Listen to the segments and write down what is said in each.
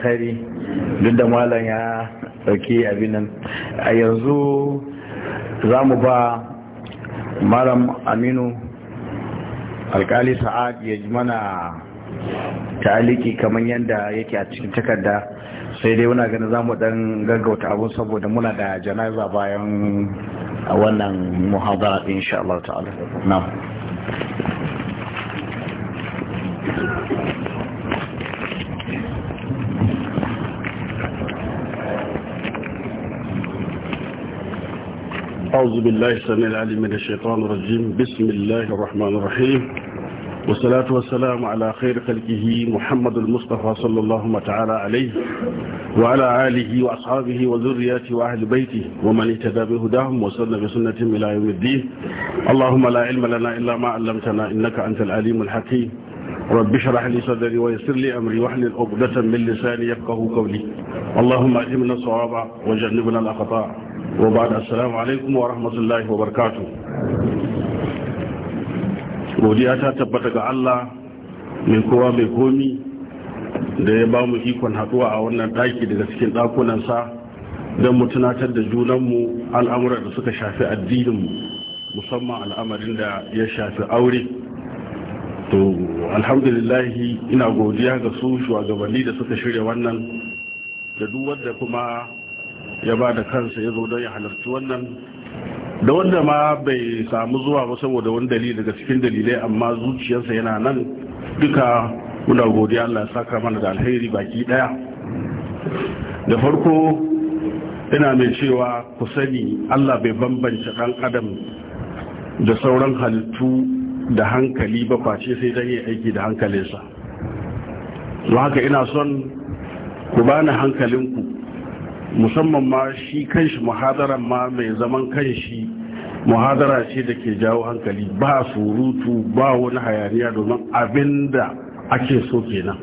alkhairi duk da malam ya dauki abin a yanzu za mu ba malam aminu alkali sa'ad ya ji mana ta'aliki kamar yadda yake a cikin takarda sai dai muna ganin zamu dan gaggauta abun saboda muna da janaza bayan wannan muhadara insha Allah ta'ala na أعوذ بالله السميع العليم من الشيطان الرجيم بسم الله الرحمن الرحيم والصلاة والسلام على خير خلقه محمد المصطفى صلى الله تعالى عليه وعلى آله وأصحابه وذرياته وأهل بيته ومن اهتدى بهداهم وسن بسنتهم إلى يوم الدين اللهم لا علم لنا إلا ما علمتنا إنك أنت العليم الحكيم رب اشرح لي صدري ويسر لي امري واحلل عقدة من لساني يفقهوا قولي اللهم اجمنا الصواب وجنبنا الاخطاء وبعد السلام عليكم ورحمة الله وبركاته godiya ta tabbata ga Allah mai kowa mai komi da ya ba mu ikon haɗuwa a wannan ɗaki daga cikin dakunansa don mu tunatar da junanmu al'amuran da suka shafi addininmu musamman al'amarin da ya shafi aure to alhamdulillahi ina godiya ga su shugabanni da suka shirya wannan da duk kuma ya ba da kansa ya zo don ya halarci wannan da wanda ma bai samu zuwa ba saboda wani dalili daga cikin dalilai amma zuciyarsa yana nan duka muna godiya Allah ya saka mana da alheri baki daya da farko ina mai cewa ku sani Allah bai bambance dan adam da sauran halittu da hankali ba face sai dan yi aiki da hankalinsa don haka ina son ku bani hankalinku musamman ma shi kanshi muhadaran ma mai zaman kanshi muhadara ce da ke jawo hankali ba surutu ba wani hayaniya domin abinda ake so kenan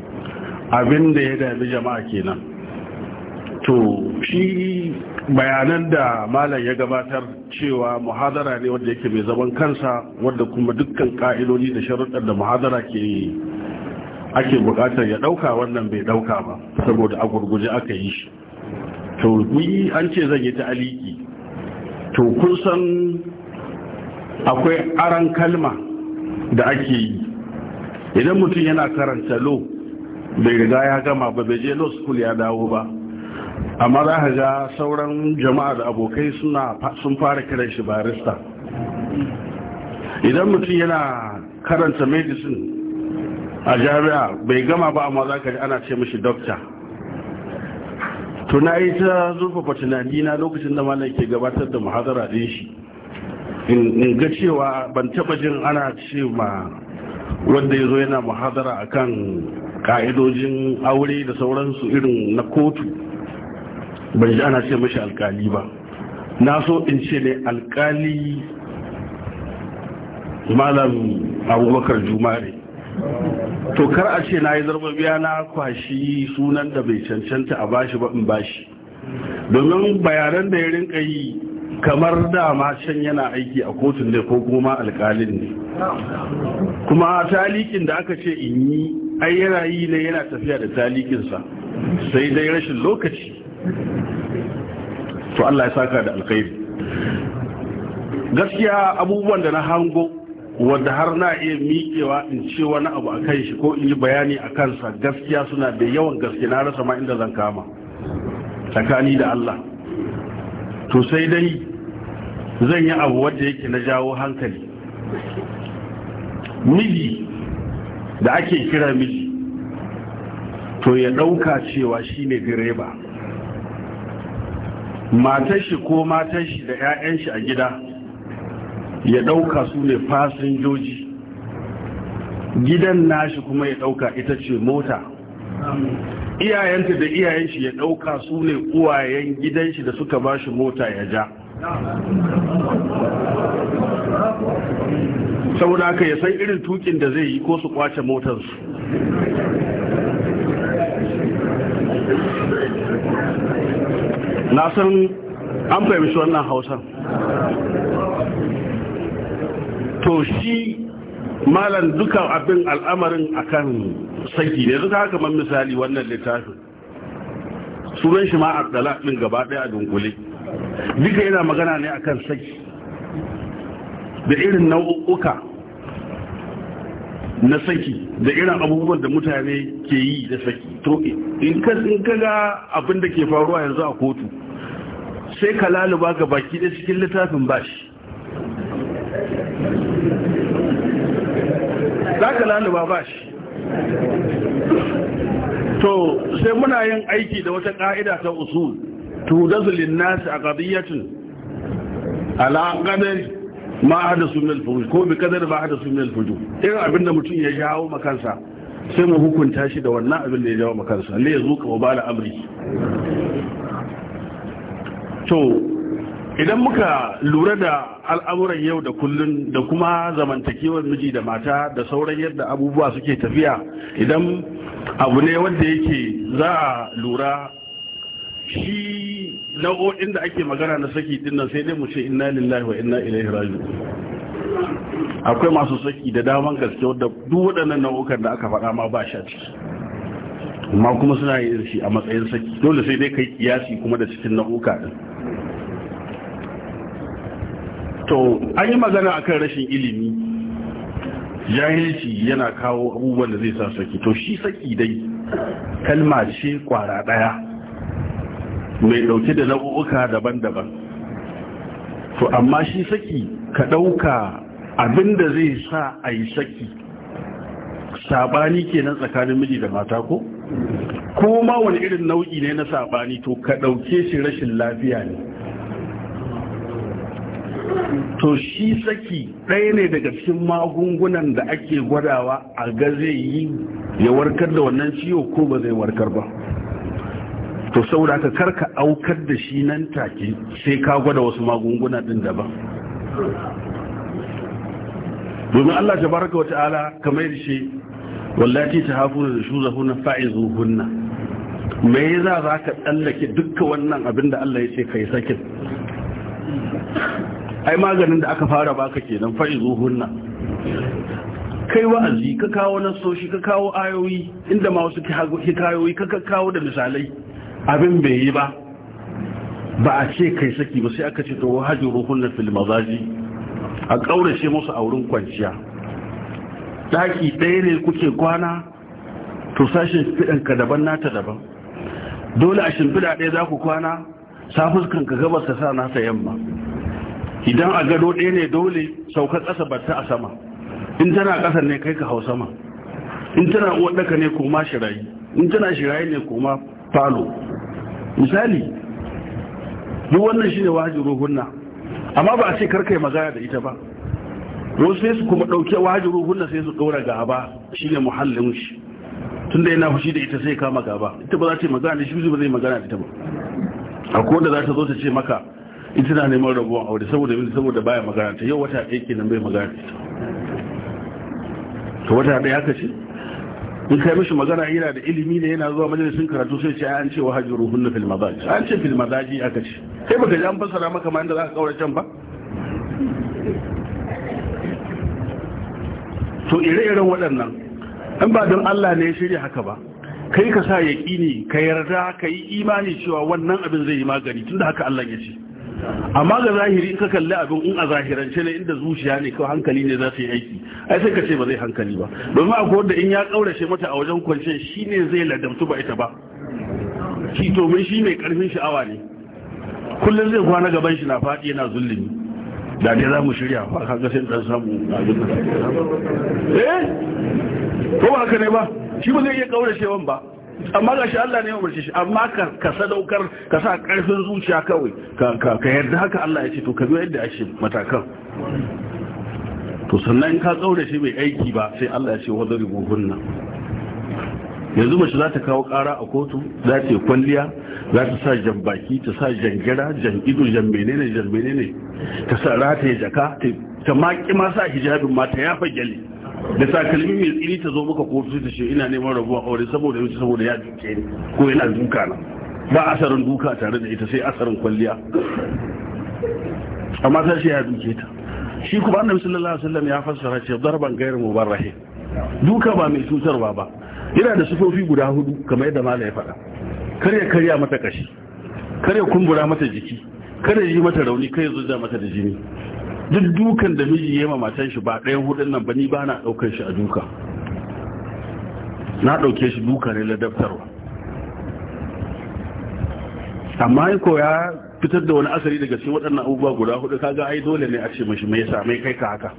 abinda ya dami jama'a kenan to shi bayanan da malam ya gabatar cewa muhadara ne wanda yake mai zaman kansa wadda kuma dukkan ka'idodi da sharuɗar da muhadara ke ake buƙatar ya ɗauka wannan bai ɗauka ba saboda a gurguje aka yi shi to ni an ce zan yi ta aliki to kun san akwai aran kalma da ake yi idan mutum yana karanta lo bai riga ya gama ba bai je law school ya dawo ba amma za ka ga sauran jama'a da abokai sun fara kiran shi barista idan mutum yana karanta medicine a jami'a bai gama ba amma za ka ji ana ce mashi doctor to na yi ta zurfafa tunani na lokacin da malam ke gabatar da muhazara din shi in ga cewa ban taba jin ana ce wanda ya zo yana muhazara akan ka'idojin aure da sauransu irin na kotu ban ji ana ce mashi alkali ba na so in ce ne alkali malam abubakar jumare to kar a ce na yi biya na kwashi sunan da bai cancanta a bashi ba in bashi domin bayanan da ya rinka yi kamar dama can yana aiki a kotun ne ko kuma alkalin ne kuma talikin da aka ce in yi ai yana yi ne yana tafiya da talikinsa sai dai rashin lokaci to Allah ya saka da alkhairi gaskiya abubuwan da na hango wanda har na iya miƙewa in ce wani abu a kan shi ko in yi bayani a kansa gaskiya suna da yawan gaske na rasa ma inda zan kama tsakani da Allah to sai dai zan yi abu wadda yake na jawo hankali miji da ake kira miji to ya ɗauka cewa shi ne direba matar shi ko matar shi da 'ya'yan shi a gida ya ɗauka su ne fasinjoji gidan nashi kuma ya ɗauka ita ce mota iyayenta da iyayen shi ya ɗauka su ne uwayen gidan shi da suka ba shi mota ya ja saboda ya san irin tukin da zai yi ko su kwace motarsu na san an fahimci wannan hausan to shi malam duka abin al'amarin akan saki ne duka haka man misali wannan littafin sunan shi ma abdala din gaba daya a dunkule duka yana magana ne akan saki da irin nau'uka na saki da irin abubuwan da mutane ke yi da saki to in ka ga abin da ke faruwa yanzu a kotu sai ka laluba ga baki da cikin littafin bashi za ka laluba ba shi to sai muna yin aiki da wata ƙa'ida ta usul tudazu linnasi a ƙadiyyatin ala qadari ma hadasu min al-fujuj ko bi qadari ma hadasu min al-fujuj irin abinda mutum ya jawo makansa sai mu hukunta shi da wannan abin da ya jawo makansa ne ya zuka wa bala amri to idan muka lura da al'amuran yau da kullun da kuma zamantakewar miji da mata da sauran yadda abubuwa suke tafiya idan abu ne wanda yake za a lura shi nau'o'in da ake magana na saki dinnan sai dai mu ce inna lillahi wa inna ilaihi raji'un akwai masu saki da daman gaske wadda duk waɗannan nau'ukan da aka faɗa ma ba shi a ciki amma kuma suna yin shi a matsayin saki dole sai dai kai kiyasi kuma da cikin nau'uka din to an yi magana a kan rashin ilimi jahilci yana kawo abubuwan da zai sa saki to shi saki dai kalma ce kwara daya mai dauke da nau'uka daban-daban to amma shi saki ka dauka da zai sa a yi saki sabani kenan tsakanin miji da mata ko kuma wani irin nau'i ne na sabani to ka dauke shi rashin lafiya ne to shi saki ɗaya ne daga cikin magungunan da ake gwadawa a ga zai yi ya warkar da wannan ciwo ko ba zai warkar ba to saboda ka karka aukar da shi nan take sai ka gwada wasu magunguna ɗin daban domin Allah ta baraka wata'ala kamar yadda shi wallaci ta hafu da shu na fa'izu hunna me yasa za ka tsallake dukkan wannan abin da Allah ya ce kai sakin ai maganin da aka fara baka kenan fa'izu hunna kai wa'azi ka kawo nasoshi ka kawo ayoyi inda ma wasu hikayoyi ka kawo da misalai abin bai yi ba ba a ce kai saki ba sai aka ce to hajjuru hunna fil mazaji a kaurace musu a wurin kwanciya daki ɗaya ne kuke kwana to sashin ka daban nata daban dole a shimfida ɗaya za ku kwana safuskan ka gabas ka sa nasa yamma idan a gado ɗaya ne dole saukar ƙasa ba ta a sama in tana ƙasar ne kai ka hau sama in tana waɗaka ne koma shirayi in tana shirayi ne koma falo misali duk wannan shi ne wajiru ruhunna amma ba a ce karka yi magana da ita ba wasu sai su kuma ɗauke wajen ruhunna sai su ɗora gaba shi ne muhallin shi tun da yana fushi da ita sai kama gaba ita ba za ta yi magana da shi ba zai magana da ita ba a da za ta zo ta ce maka in tana neman rabuwan aure saboda yin saboda baya makaranta yau wata ɗaya ke nan bai magana ta wata ɗaya haka ce in kai mishi magana yana da ilimi ne yana zuwa majalisun karatu sai ce an ce wa Ruhun na filma madaji an ce fil madaji aka ce kai baka jan an maka ma inda za ka kawar can ba to ire-iren waɗannan in ba don Allah ne ya shirya haka ba kai ka sa yaƙini ka yarda ka yi imani cewa wannan abin zai yi magani tunda haka Allah ya ce amma ga zahiri in ka kalli abin in a zahirance ne inda zuciya ne kawai hankali ne za su yi aiki ai sai ka ce ba zai hankali ba domin akwai wanda in ya kaurace mata a wajen kwanciyar shi ne zai ladamtu ba ita ba shi domin shi mai karfin sha'awa ne kullum zai kwana gaban shi na faɗi yana zullumi da dai za mu shirya ba ka ga sai dan samu abin eh ko ba haka ne ba shi ba zai iya wan ba amma ga shi Allah ne ya umarci shi amma ka sadaukar ka sa karfin zuciya kawai ka yarda haka Allah ya ce to ka biyo yadda ake matakan to sannan ka tsaure shi mai aiki ba sai Allah ya ce wa zaribu hunna yanzu mace za ta kawo kara a kotu za ta yi kwalliya za ta sa jan baki ta sa jan gira jan ido jan menene jan menene ta sa ya jaka ta maki ma sa hijabin ma ta yafa gyale da takalmi mai tsiri ta zo maka kotu ta ce ina neman rabuwa aure saboda yau saboda ya duke ni ko yana duka na ba asarin duka tare da ita sai asarin kwalliya amma ta ce ya duke ta shi kuma annabi sallallahu alaihi wasallam ya fassara ce darban gairu mubarrahi duka ba mai cutarwa ba yana da sufofi guda hudu kamar yadda malai ya faɗa kare karya mata kashi kare kumbura mata jiki kare yi mata rauni kare zuja mata da jini duk dukan da miji ya matan shi ba ɗayan hudun nan ba ni ba na ɗaukar shi a duka na ɗauke shi duka ne ladabtarwa amma yi ko ya fitar da wani asali daga cikin waɗannan abubuwa guda hudu kaga ai dole ne a ce mashi mai sa kai ka haka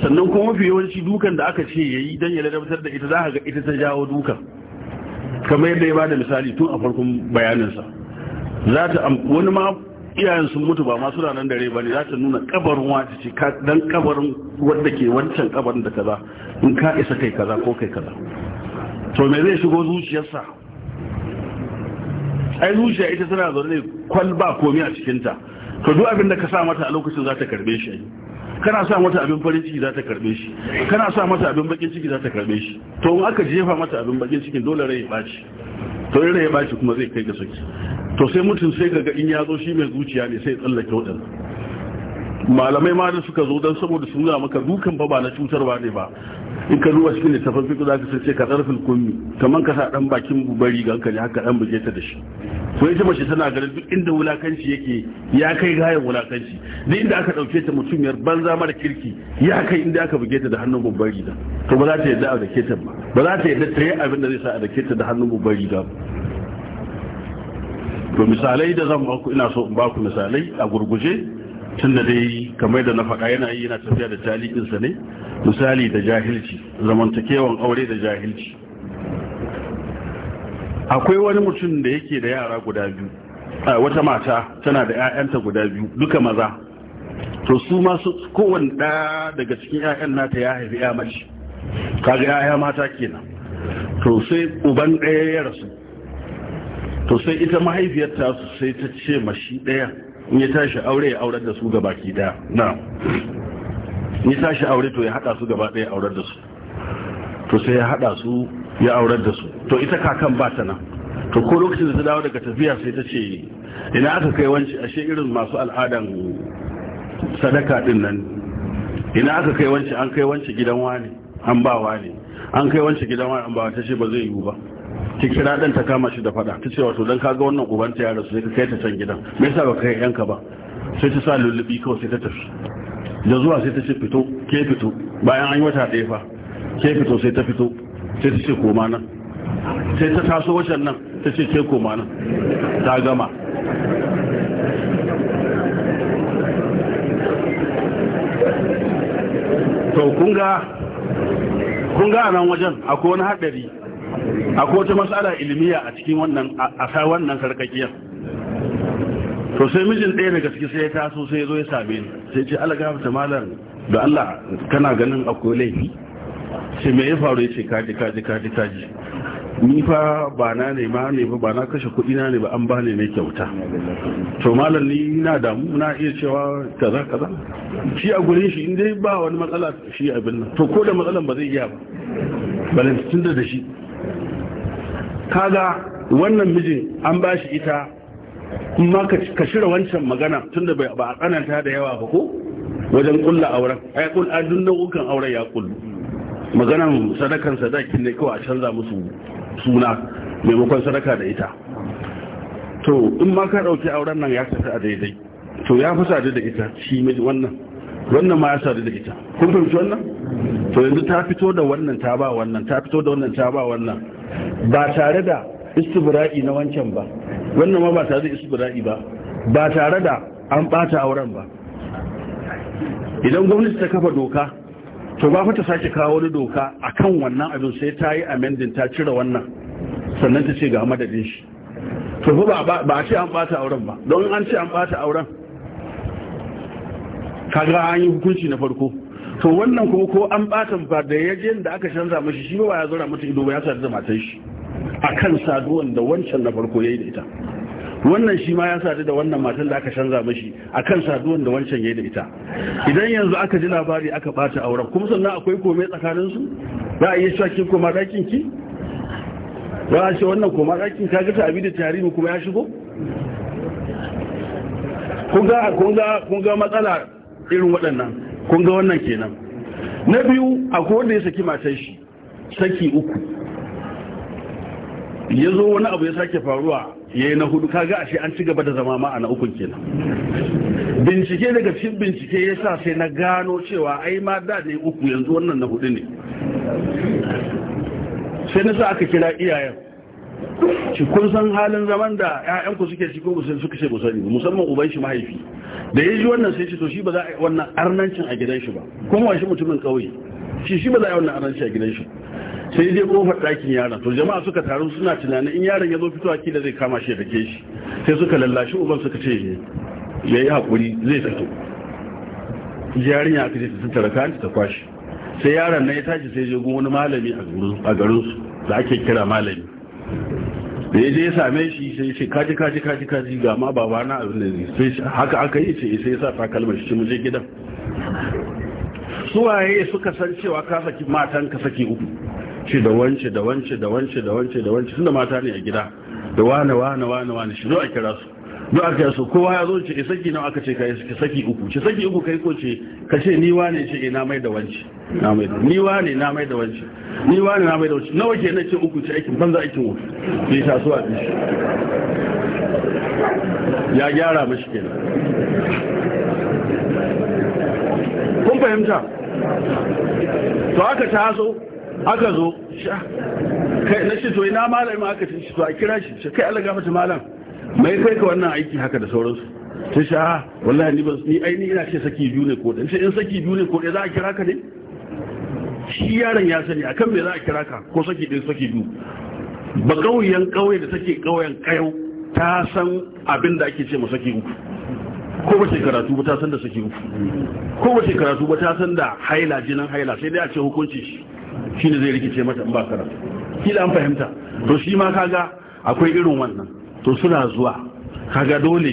sannan kuma mafi yawanci dukan da aka ce yayi dan ya ladabtar da ita za ga ita ta jawo dukan kamar yadda ya bada misali tun a farkon bayaninsa za ta wani ma iyayen sun mutu ba masu ranar dare ba ne za ta nuna kabarin wata ce dan kabarin wadda ke wancan kabarin da kaza in ka isa kai kaza ko kai kaza to me zai shigo zuciyarsa ai zuciya ita tana zaune kwalba komi a cikinta to duk abin da ka sa mata a lokacin za ta karbe shi kana sa mata abin farin ciki za ta karbe shi kana sa mata abin bakin ciki za ta karbe shi to in aka jefa mata abin bakin ciki dole rai ya ɓaci to irin ya bashi kuma zai kai ga saki to sai mutum sai ga in ya zo shi mai zuciya ne sai tsallake waɗanda malamai ma da suka zo don saboda sun gama maka dukan ba ba na cutarwa ne ba in ka zuwa cikin littafin fiƙo za ka ce ka ƙarfin kunni kamar ka sa ɗan bakin bari ga hankali haka ɗan buge ta da shi ko ita mace tana ganin duk inda wulakanci yake ya kai gayan wulakanci duk inda aka ɗauke ta mutumiyar banza mara kirki ya kai inda aka buge ta da hannun bubari da to ba za ta yadda a dake ta ba ba za ta yadda ta yi abin da zai sa a dake ta da hannun bubari da to misalai da zan ba ku ina so in ba ku misalai a gurguje mutum da dai kamar da na faɗa yana yi yana tafiya da talikinsa ne misali da jahilci zamantakewan aure da jahilci akwai wani mutum da yake da yara guda biyu wata mata tana da 'ya'yanta guda biyu duka maza to su masu kowane ɗaya daga cikin 'ya'yan nata ya haifi 'ya mace kaga 'ya'ya mata kenan to sai uban ɗaya ya rasu to sai ita mahaifiyarta sai ta ce mashi ɗaya in ya tashi aure ya aurar da su ga baki daya na ya tashi aure to ya hada su gaba daya aurar da su to sai ya hada su ya aurar da su to ita kakan ba ta nan to ko lokacin da ta dawo daga tafiya sai ta ce ina aka kai wanci ashe irin masu al'adan sadaka din nan ina aka kai wanci an kai wanci gidan wani an ba wani an kai wanci gidan wani an ba ta ce ba zai yiwu ba ki kira ta kama shi da fada ta ce wato dan kaga wannan ta ya rasu sai ka kai ta can gidan me yasa ba kai yanka ba sai ta sa lullubi kawai sai ta tafi da zuwa sai ta ce fito ke fito bayan an yi wata ɗaya fa ke fito sai ta fito sai ta ce koma nan sai ta taso wajen nan ta ce ke koma nan ta gama to kunga kunga a nan wajen akwai wani haɗari akwai wata matsala ilimiya a cikin wannan a sa wannan sarkakiyar to sai mijin ɗaya daga ciki sai ya taso sai ya zo ya same ni sai ce Allah gafarta malam da Allah kana ganin akwai laifi sai me ya faru ce kaji kaji kaji kaji ni fa ba na ne ma ne ba na kashe kuɗi na ne ba an bani ne kyauta to malam ni na damu na iya cewa kaza kaza shi a gurin shi in dai ba wani matsala shi abin nan to ko da matsalan ba zai iya ba balin da da shi kaga wannan mijin an ba shi ita kuma ka shirya wancan magana tun da ba a tsananta da yawa ba ko wajen kulla auren a yakul adun nau'ukan auren ya kullu maganan sadakan sadaki ne kawai a canza musu suna maimakon sadaka da ita to in ma ka ɗauki auren nan ya tafi a daidai to ya fi sadu da ita shi miji wannan wannan ma ya sadu da ita kun fahimci wannan to yanzu ta fito da wannan ta ba wannan ta fito da wannan ta ba wannan ba tare da istibra'i na wancan ba wannan ma ba tare da istibra'i ba ba tare da an bata auren ba idan gwamnati ta kafa doka to ba fa ta sake kawo wani doka akan wannan abin sai ta yi amending ta cire wannan sannan ta ce ga madadin shi to ba ba a ce an bata auren ba don an ce an bata auren kaga an yi hukunci na farko to wannan kuma ko an bata ba da yajin da aka canza mashi shi ba ya zura mutu ido ba ya sa da matan shi a kan saduwan da wancan na farko ya yi da ita wannan shi ma ya sadu da wannan matan da aka canza mashi a kan saduwan da wancan ya yi da ita idan yanzu aka ji labari aka ɓata auren kuma sannan akwai komai tsakaninsu za a iya shakin koma ɗakin ki ba a ce wannan koma ɗakin ka gata abi da tarihi kuma ya shigo kun ga matsala irin waɗannan kun ga wannan kenan na biyu akwai wanda ya saki matan shi saki uku ya zo wani abu ya sake faruwa ya yi na hudu kaga ashe an ci gaba da zama ma a na ukun kenan bincike daga cikin bincike ya sa sai na gano cewa ai ma da ne uku yanzu wannan na hudu ne sai na sa aka kira iyayen ci kun san halin zaman da 'ya'yanku suke ciko ko suka ce musani musamman uban shi mahaifi da ya ji wannan sai ce to shi ba za a yi wannan arnancin a gidan shi ba kuma wa shi mutumin kauye shi shi ba za a yi wannan arnancin a gidan shi sai dai kofar ɗakin yaron to jama'a suka taru suna tunanin in yaron ya zo aki da zai kama shi da ke shi sai suka lallashi uban suka ce ya yi haƙuri zai fito jiyarin ya kaje ta tattara ta kwashi sai yaron na ya tashi sai je gun wani malami a garinsu da ake kira malami da ya je ya same shi sai ya ce kaji kaji kaji kaji ga ma babana abin da zai sai haka aka yi ce sai ya sa takalmar shi mu je gidan suwaye suka san cewa ka saki matan ka saki uku ce da wance da wance da wance da wance da wance tunda mata ne a gida da wane wane wane wane shi zo a kira su zo a kira su kowa ya zo ce e saki nawa aka ce ka yi saki uku ce saki uku kai ko ce ka ce ni wane ce e na mai da wance na mai ni wane na mai da wance ni wane na mai da wance nawa ke na ce uku ce aikin banza aikin wuta ne ta so a ya gyara mashi kenan kun fahimta to aka taso aka zo kai na shito ina malamin aka ce shito a kira shi shi kai Allah mata malam mai kai ka wannan aiki haka da sauransu ta sha ah, wallahi ni ba ni ai ni ina ce saki biyu ne ko dan in saki biyu ne ko dai za a kira ka ne shi yaron ya sani akan me za a kira ka ko saki ɗin saki biyu ba kauyen kauye da take kauyen kayau ta san abin da ake ce ma saki uku ko ba karatu ba ta san da saki uku ko ba karatu ba ta san da haila jinan haila sai dai a ce hukunci shi shine zai rikice mata in ba karatu kila an fahimta to shi ma kaga akwai irin wannan to suna zuwa kaga dole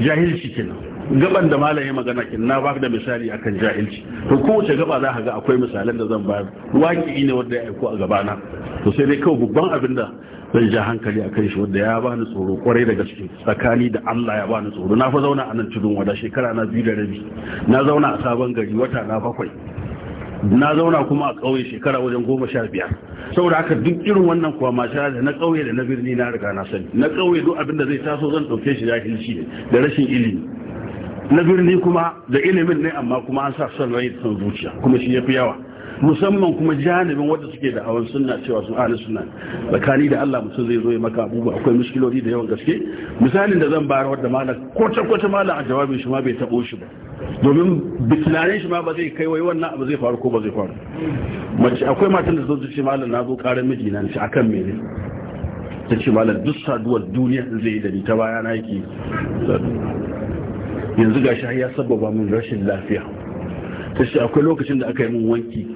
jahilci kenan gaban da ya magana kin na baka da misali akan jahilci to kowace gaba za ka ga akwai misalan da zan bayar waki ne wanda ya aiko a gabana to sai dai kawai babban abin da zan ja hankali akan shi wanda ya bani tsoro kwarai da gaske tsakani da Allah ya bani tsoro na fa zauna a nan tudun wada shekara na biyu da rabi na zauna a sabon gari wata na bakwai na zauna kuma a ƙauye shekara wajen goma sha biyar saboda haka duk irin wannan kuwa masha da na ƙauye da na birni na riga na sani na ƙauye duk abin da zai taso zan ɗauke shi jahilci ne da rashin ilimi na birni kuma da ilimin ne amma kuma an sa son rai da son zuciya kuma shi ya fi yawa musamman kuma janibin wadda suke da hawan sunna cewa sun ahli sunna tsakani da Allah mutum zai zo ya maka abubuwa akwai muskiloli da yawan gaske misalin da zan bayar wadda malam kwata kwata malam a jawabin shi ma bai tabo shi ba domin bitinanin shi ma ba zai kai wai wannan abu zai faru ko ba zai faru mace akwai matan da zo ce mala na zo karin miji na shi akan mene ta ce mala duk saduwar duniya zai yi da ni ta baya na yake yanzu gashi ya sababa min rashin lafiya ta ce akwai lokacin da aka yi min wanki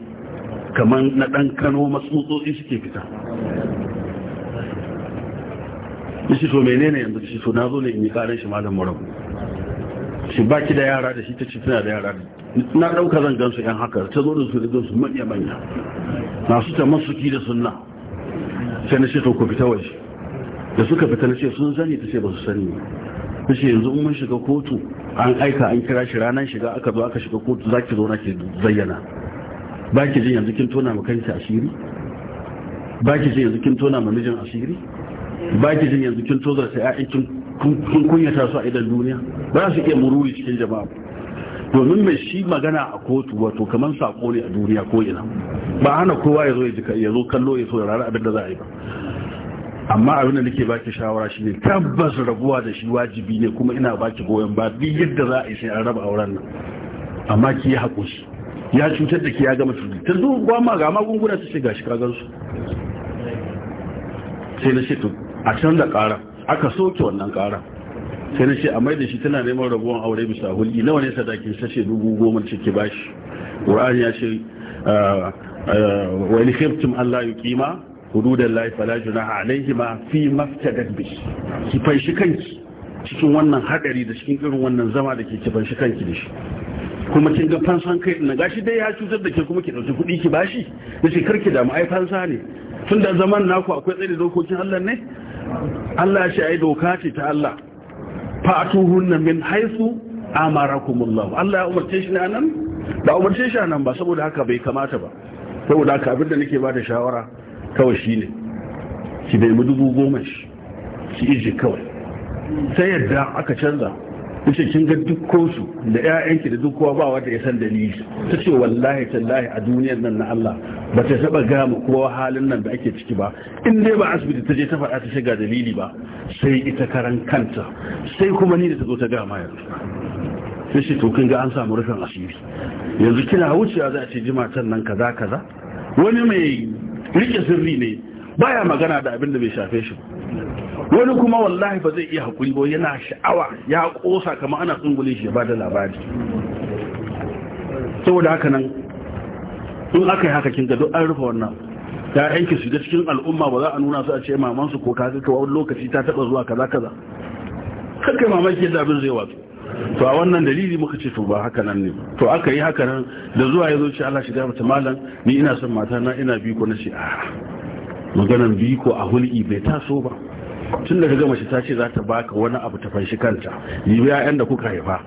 kamar na ɗan kano matsutsotsi suke fita shi so menene yanzu shi so na zo ne in yi ƙarin shi malam marabu shi ba ki da yara da shi ta ci tana da yara na ɗauka zan su yan haka ta zo da su da su manya-manya masu ta masuki da sunna sai na ce to ku fita waje da suka fita na ce sun sani ta ce ba su sani ta ce yanzu mun shiga kotu an aika an kira shi ranar shiga aka zo aka shiga kotu za ki zo na ke zayyana ba ki jin yanzu kin tona ma kanki asiri ba ki jin yanzu kin tona ma mijin asiri ba ki jin yanzu kin tozar sai ai kin kun kunyata su a idan duniya ba su iya muruwi cikin jama'a domin mai shi magana a kotu wato kamar sako ne a duniya ko ina ba hana kowa ya zo ya zo kallo ya so ya rara abin da za a yi ba amma abin da nake baki shawara shi ne tabbas rabuwa da shi wajibi ne kuma ina baki goyon ba bi yadda za a yi sai an raba auren nan amma ki yi haƙuri ya cutar da ke ya gama cutar ta ba ma ga magunguna ta shiga shi su, sai na ce a can da kara aka soke wannan kara sai na ce a mai da shi tana neman rabuwan aure bisa hulɗi nawa ne sadakin sashe dubu goma ce ke bashi ƙura'an ya ce ah, ah, wani khiftum Allah yi kima hududan layi fala junaha alaihi ma fi mafita bi ki fanshi kanki cikin wannan hadari da cikin irin wannan zama da ke ki fanshi kanki da shi kuma kin ga fansan kai na gashi dai ya cutar da ke kuma ki dauki kuɗi ki bashi nace karki da mu ai fansa ne tun da zaman naku akwai tsare dokokin Allah ne Allah shi ai doka ce ta Allah fa'atuhunna min haythu amarakumullah Allah ya umarce shi nan ba umarce shi nan ba saboda haka bai kamata ba saboda haka abinda nake ba da shawara kawai shine ki bai mu dubu goma shi ki ije kawai sai yadda aka canza yace kin ga dukkan su da ƴaƴanki da duk kowa ba wanda ya san dalili ta ce wallahi tallahi a duniyar nan na Allah ba ta saba ga mu kowa halin nan da ake ciki ba in dai ba asibiti ta je ta faɗa ta shiga dalili ba sai ita karan kanta sai kuma ni da ta zo ta gama yanzu sai shi to kin ga an samu rufin asiri yanzu kina wucewa za a ce jimatan nan kaza kaza wani mai rike sirri ne baya magana da abin da bai shafe shi wani kuma wallahi ba zai iya hakuri ba yana sha'awa ya kosa kama ana tsungule shi ba da labari saboda haka nan in aka yi haka kin ga an rufe wannan aiki su da cikin al'umma ba za a nuna su a ce mamansu ko ka ka wani lokaci ta taba zuwa kaza kaza kakai mamaki yadda abin zai watsu to a wannan dalili muka ce to ba haka nan ne to aka yi haka nan da zuwa ya zo shi Allah shiga mata malam ni ina son mata na ina biyu ko na ce a'a maganan ko a hul'i bai taso ba tun da gama shi ta ce za ta baka wani abu ta fanshi kanta yi yayan da kuka haifa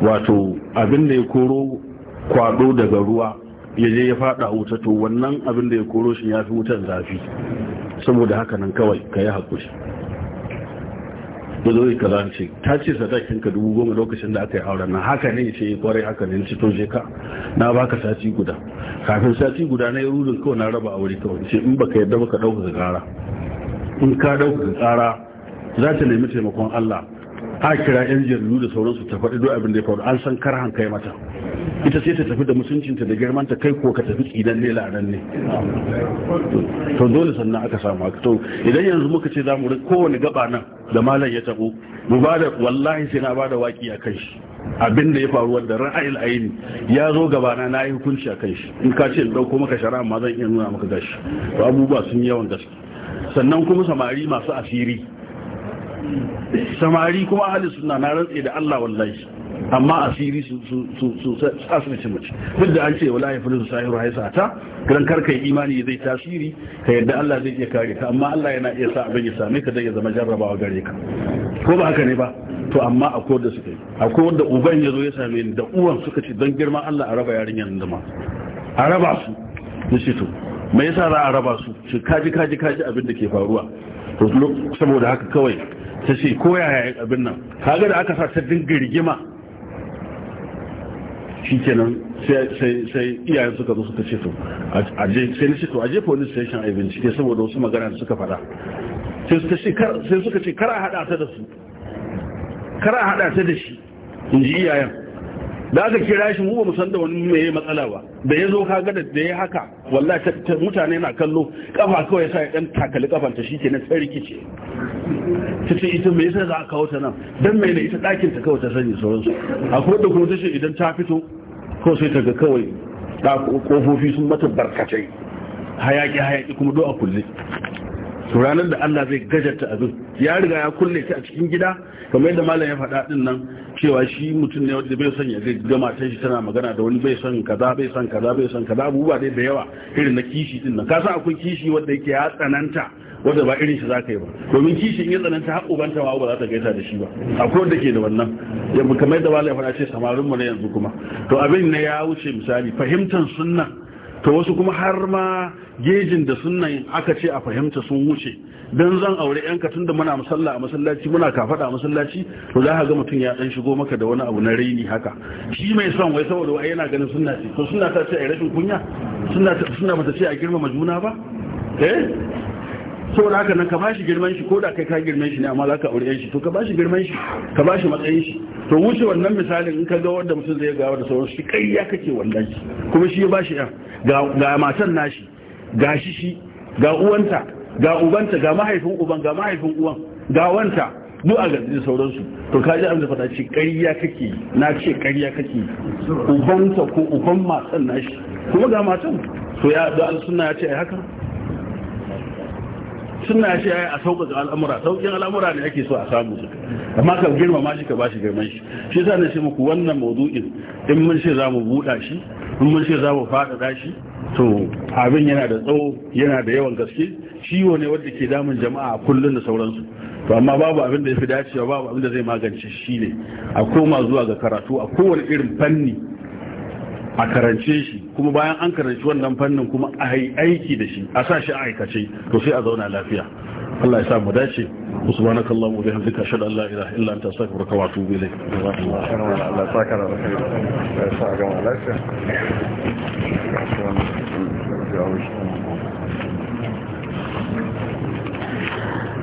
wato abin da ya koro kwado daga ruwa ya je ya fada wuta to wannan abin da ya koro shi ya fi wutan zafi saboda haka nan kawai ka yi haƙuri ba ka kaza ce ta ce sadakin ka dubu goma lokacin da aka yi auren nan haka ne ce kwarai haka ne ci toshe ka na ba ka sati guda kafin sati guda na yi rudin kawai na raba aure kawai ce in baka yadda baka ɗaukaka ƙara in ka ɗaukaka tsara za ta nemi taimakon Allah a kira yan jaridu da sauransu ta faɗi duk abin da ya faru an san kar hankai mata ita sai ta tafi da musuncinta da ta kai ko ka tafi tsidan ne laran ne to dole sannan aka samu haka to idan yanzu muka ce za mu rin kowane gaba nan da malam ya tabo mu ba da wallahi sai na ba da waki a kai shi abin da ya faru wanda ra'ayil aini ya zo gaba na nayi yi hukunci a kai shi in ka ce in dauko maka shari'a amma zan iya nuna maka gashi to abubuwa sun yawan gaske sannan kuma samari masu asiri samari kuma halin suna na rantse da Allah wallahi amma asiri su su su mace duk da an ce wala ya su sahiru haisa ta gran yi imani zai tasiri ka yadda Allah zai iya kare ka amma Allah yana iya sa abin ya same ka da ya zama jarrabawa gare ka ko ba haka ne ba to amma akwai da suka yi akwai wanda uban ya zo ya same ni da uwan suka ce don girma Allah a raba yarinyar da ma a raba su ni ce to me yasa za a raba su shi kaji kaji kaji abin da ke faruwa saboda haka kawai ta ce ko yaya abin nan kaga da aka sa ta dinga rigima shi kenan sai iyayen suka zo suka ce to sai na ce a jefa wani station a bincike saboda wasu magana da suka fada sai suka ce kara hada ta da su kara hada ta da shi in ji iyayen da aka kira shi mu ba musan san da wani mai matsala ba da ya zo kaga da da ya haka wallahi mutane na kallo kafa kawai sa ya dan takali kafanta shi kenan sai rikice ta ce ita mai yasa za a kawo ta nan don mai na ita ɗakin ta kawai ta sanya sauransu akwai da kuma ta ce idan ta fito kawai sai ta ga kawai kofofi sun mata barkatai hayaki hayaki kuma do a kulle to ranar da Allah zai gajarta a abin ya riga ya kulle ta a cikin gida kamar yadda malam ya faɗa din nan cewa shi mutum ne wanda bai son ya ga gama matar shi tana magana da wani bai son kaza bai son kaza bai son kaza abubuwa dai da yawa irin na kishi din nan ka akwai kishi wanda yake ya tsananta wanda ba irin shi za ka yi ba domin kishi in ya tsananta har ubanta ma ba za ta gaisa da shi ba akwai wanda ke da wannan yamma kamar da ya fara ce samarin mu na yanzu kuma to abin na ya wuce misali fahimtar sunna to wasu kuma har ma gejin da sunnan aka ce a fahimta sun wuce dan zan aure yanka tun da muna musalla a masallaci muna kafada a masallaci to za ka ga mutum ya dan shigo maka da wani abu na raini haka shi mai son wai saboda wai yana ganin sunna ce to sunna ta ce a rashin kunya sunna ta bata ce a girmama juna ba eh da haka nan ka bashi girman shi ko da kai ka girman shi ne amma za ka aure shi to ka bashi girman shi ka bashi matsayin shi to wuce wannan misalin in ka ga wanda mutum zai gawa da sauransu shi kai ya kake wannan shi kuma shi ya bashi ya ga matan nashi ga shi shi ga uwanta ga ubanta ga mahaifin uban ga mahaifin uwan ga wanta duk a gaji sauransu to ka ji abin da fata ce ƙarya kake na ce ƙarya kake ubanta ko uban matan nashi kuma ga matan to ya da al sunna ya ce ai haka suna shi a sauƙaƙa al'amura sauƙin al'amura ne ake so a samu su amma ka girmama shi ka ba shi girman shi shi sa na ce muku wannan maudu'in in mun shi za mu buɗa shi in mun shi za mu faɗaɗa shi to abin yana da tsawo yana da yawan gaske ciwo ne wanda ke damun jama'a a kullum da sauransu to amma babu abin da ya fi dacewa babu abin da zai magance shi ne a koma zuwa ga karatu a kowane irin fanni a karance shi kuma bayan an karanci wannan fannin kuma a yi aiki da shi a sa shi a aikace to sai a zauna lafiya Allah ya sa mu dace subhanaka wa bihamdika ashhadu an la ilaha illa anta astaghfiruka wa atubu ilayk Allah saka ya sa ga lafiya